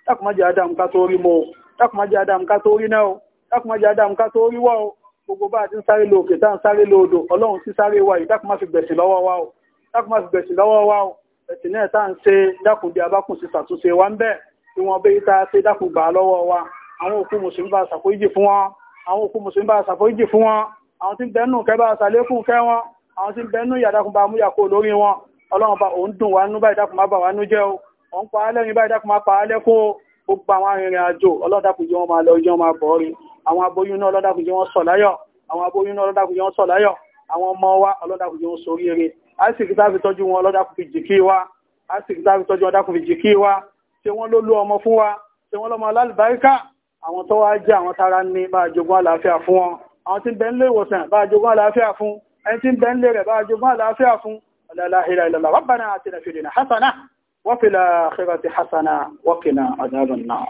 dàkùnmájà ádámù ká tó rí mo o dàkùnmájà ká tó rí náà o dàkùnmájà ádámù ká tó rí wọ́ o gbogbo bá a ti ń sáré lo òkè tá à ń sáré lo odò ọlọ́run sí sáré wa yìí dàkùnmá fi gbẹ̀sìn lọ́wọ́ wa o dàkùnmá fi gbẹ̀sìn lọ́wọ́ wa o ẹ̀sìn náà tá à ń ṣe dákun bí abákùn sí ṣàtúnṣe wa ń bẹ̀ tí wọ́n bẹ́yìí tá a ṣe dákun gbà lọ́wọ́ wa àwọn òkú mùsùlùmí bá ṣàforíjì fún wọn àwọn òkú mùsùlùmí bá ṣàforíjì fún wọn àwọn tí ń bẹnu kẹ bá ṣàlékún kẹ wọn àwọn tí ń bẹnu ìyàdákun bá múyà kó lórí wọn ọlọ́run bá òun dùn wá nú báyìí dákun má bà wá nú jẹ́ o òun pa alẹ́rin báyìí dákun má pa alẹ́kún o gbogbo àwọn arìnrìn àjò ọlọ́dàkùn jẹ́ wọn máa lọ jẹ́ máa bọ̀ rí àwọn aboyún náà ọlọ́dàkùn jẹ́ wọn sọ̀ láyọ̀ àwọn aboyún náà ọlọ́dàkùn jẹ́ wọn sọ̀ láyọ̀ àwọn ọmọ wa ọlọ́dàkùn jẹ́ wọn sorí eré àìsìkí tá fi tọ́jú wọn lọ́dákùn fi jìkí wa àìsìkí tá fi tọ́jú ọdákùn fi jìkí wa ṣe wọ́n ló lú ọmọ fún wa ṣe wọ́n lọ́mọ alálùbáríkà àwọn tó wá jẹ́ àwọn tára ní bá jogún àlàáfíà fún wọn àwọn tí ń bẹ nílé ìwòsàn bá jogún àlàáfíà fún ẹni tí ń bẹ nílé rẹ̀ bá jogún àlàáfíà fún la ilaha illallah rabbana atina fid dunya hasana wa hasana wa qina adhaban